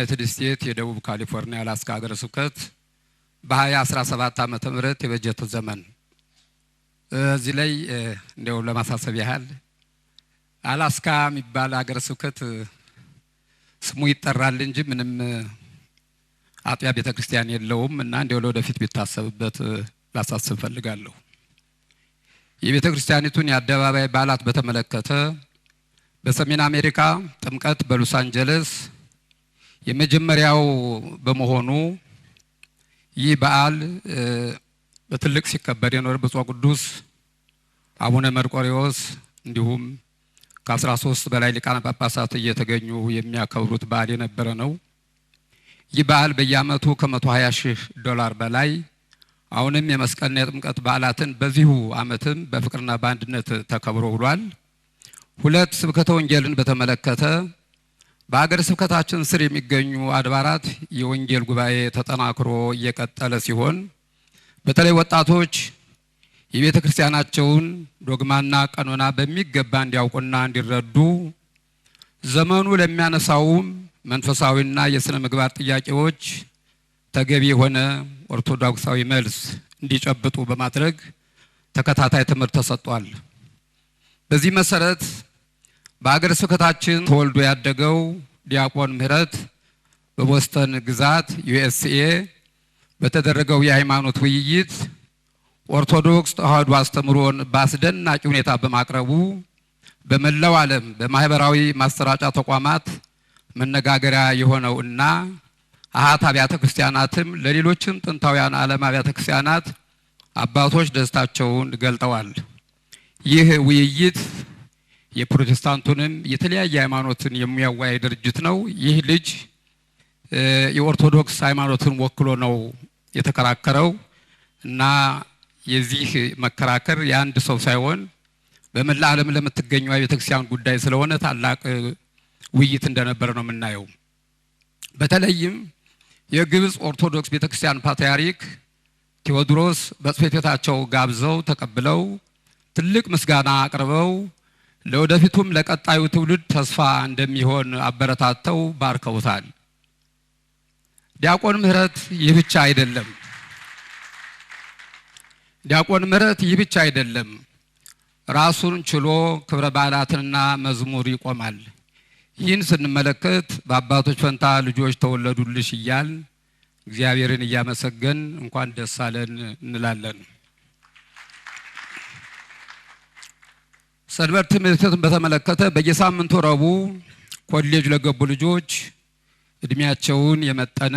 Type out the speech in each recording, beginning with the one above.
ዩናይትድ ስቴትስ የደቡብ ካሊፎርኒያ አላስካ ሀገረ ስብከት በ2017 ዓመተ ምህረት የበጀት ዘመን እዚህ ላይ እንደው ለማሳሰብ ያህል አላስካ የሚባል ሀገረ ስብከት ስሙ ይጠራል እንጂ ምንም አጥቢያ ቤተ ክርስቲያን የለውም እና እንደው ለወደፊት ቢታሰብበት ላሳስብ ፈልጋለሁ። የቤተ ክርስቲያኒቱን የአደባባይ በዓላት በተመለከተ በሰሜን አሜሪካ ጥምቀት በሎስ አንጀለስ የመጀመሪያው በመሆኑ ይህ በዓል በትልቅ ሲከበር የኖረ ብፁዕ ቅዱስ አቡነ መርቆሪዎስ እንዲሁም ከ13 በላይ ሊቃነ ጳጳሳት እየተገኙ የሚያከብሩት በዓል የነበረ ነው። ይህ በዓል በየዓመቱ ከመቶ 120 ሺህ ዶላር በላይ አሁንም የመስቀልና የጥምቀት በዓላትን በዚሁ ዓመትም በፍቅርና በአንድነት ተከብሮ ውሏል። ሁለት ስብከተ ወንጌልን በተመለከተ በሀገረ ስብከታችን ስር የሚገኙ አድባራት የወንጌል ጉባኤ ተጠናክሮ እየቀጠለ ሲሆን በተለይ ወጣቶች የቤተ ክርስቲያናቸውን ዶግማና ቀኖና በሚገባ እንዲያውቁና እንዲረዱ ዘመኑ ለሚያነሳውም መንፈሳዊና የሥነ ምግባር ጥያቄዎች ተገቢ የሆነ ኦርቶዶክሳዊ መልስ እንዲጨብጡ በማድረግ ተከታታይ ትምህርት ተሰጥቷል። በዚህ መሰረት በአገረ ስብከታችን ተወልዶ ያደገው ዲያቆን ምህረት በቦስተን ግዛት ዩኤስኤ በተደረገው የሃይማኖት ውይይት ኦርቶዶክስ ተዋህዶ አስተምሮን በአስደናቂ ሁኔታ በማቅረቡ በመላው ዓለም በማህበራዊ ማሰራጫ ተቋማት መነጋገሪያ የሆነው እና አኃት አብያተ ክርስቲያናትም ለሌሎችም ጥንታውያን ዓለም አብያተ ክርስቲያናት አባቶች ደስታቸውን ገልጠዋል። ይህ ውይይት የፕሮቴስታንቱንም የተለያየ ሃይማኖትን የሚያወያይ ድርጅት ነው። ይህ ልጅ የኦርቶዶክስ ሃይማኖትን ወክሎ ነው የተከራከረው እና የዚህ መከራከር የአንድ ሰው ሳይሆን በመላ ዓለም ለምትገኘው የቤተክርስቲያን ጉዳይ ስለሆነ ታላቅ ውይይት እንደነበረ ነው የምናየው። በተለይም የግብፅ ኦርቶዶክስ ቤተክርስቲያን ፓትርያርክ ቴዎድሮስ በጽሕፈት ቤታቸው ጋብዘው ተቀብለው ትልቅ ምስጋና አቅርበው ለወደፊቱም ለቀጣዩ ትውልድ ተስፋ እንደሚሆን አበረታተው ባርከውታል። ዲያቆን ምህረት ይህ ብቻ አይደለም። ዲያቆን ምህረት ይህ ብቻ አይደለም። ራሱን ችሎ ክብረ በዓላትንና መዝሙር ይቆማል። ይህን ስንመለከት በአባቶች ፈንታ ልጆች ተወለዱልሽ እያል እግዚአብሔርን እያመሰገን እንኳን ደስ አለን እንላለን። ሰንበት ትምህርትን በተመለከተ በየሳምንቱ ረቡዕ ኮሌጅ ለገቡ ልጆች እድሜያቸውን የመጠነ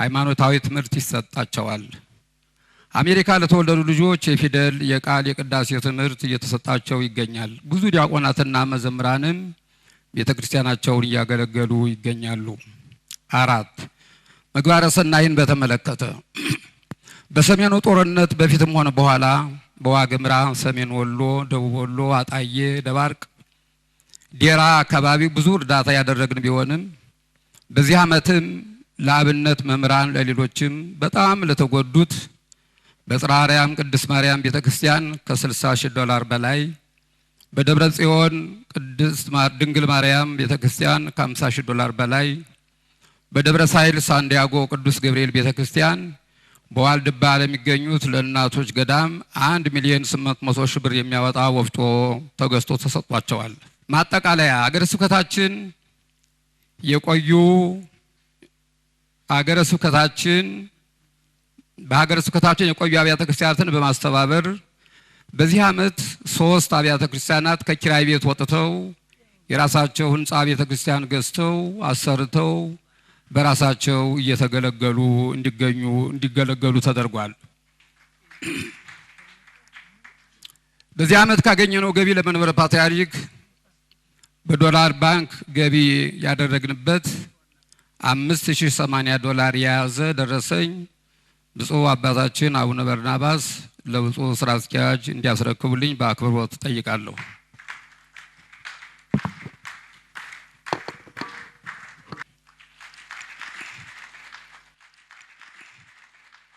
ሃይማኖታዊ ትምህርት ይሰጣቸዋል። አሜሪካ ለተወለዱ ልጆች የፊደል፣ የቃል፣ የቅዳሴ ትምህርት እየተሰጣቸው ይገኛል። ብዙ ዲያቆናትና መዘምራንም ቤተ ክርስቲያናቸውን እያገለገሉ ይገኛሉ። አራት ምግባረ ሰናይን በተመለከተ በሰሜኑ ጦርነት በፊትም ሆነ በኋላ በዋግምራ፣ ሰሜን ወሎ፣ ደቡብ ወሎ፣ አጣዬ፣ ደባርቅ፣ ዴራ አካባቢ ብዙ እርዳታ ያደረግን ቢሆንም በዚህ ዓመትም ለአብነት መምህራን ለሌሎችም በጣም ለተጎዱት በጽራርያም ቅድስት ማርያም ቤተ ክርስቲያን ከ60 ሺህ ዶላር በላይ በደብረ ጽዮን ቅድስት ድንግል ማርያም ቤተ ክርስቲያን ከ50 ሺህ ዶላር በላይ በደብረ ሳይል ሳንዲያጎ ቅዱስ ገብርኤል ቤተ ክርስቲያን በዋልድባ ለሚገኙት ለእናቶች ገዳም አንድ ሚሊዮን ስምንት መቶ ሺህ ብር የሚያወጣ ወፍጮ ተገዝቶ ተሰጥቷቸዋል። ማጠቃለያ አገረ ስብከታችን የቆዩ አገረ ስብከታችን በሀገረ ስብከታችን የቆዩ አብያተ ክርስቲያናትን በማስተባበር በዚህ ዓመት ሶስት አብያተ ክርስቲያናት ከኪራይ ቤት ወጥተው የራሳቸው ህንፃ ቤተ ክርስቲያን ገዝተው አሰርተው በራሳቸው እየተገለገሉ እንዲገኙ እንዲገለገሉ ተደርጓል። በዚህ ዓመት ካገኘነው ገቢ ለመንበረ ፓትርያርክ በዶላር ባንክ ገቢ ያደረግንበት 5080 ዶላር የያዘ ደረሰኝ ብፁዕ አባታችን አቡነ በርናባስ ለብፁዕ ስራ አስኪያጅ እንዲያስረክቡልኝ በአክብሮት ጠይቃለሁ።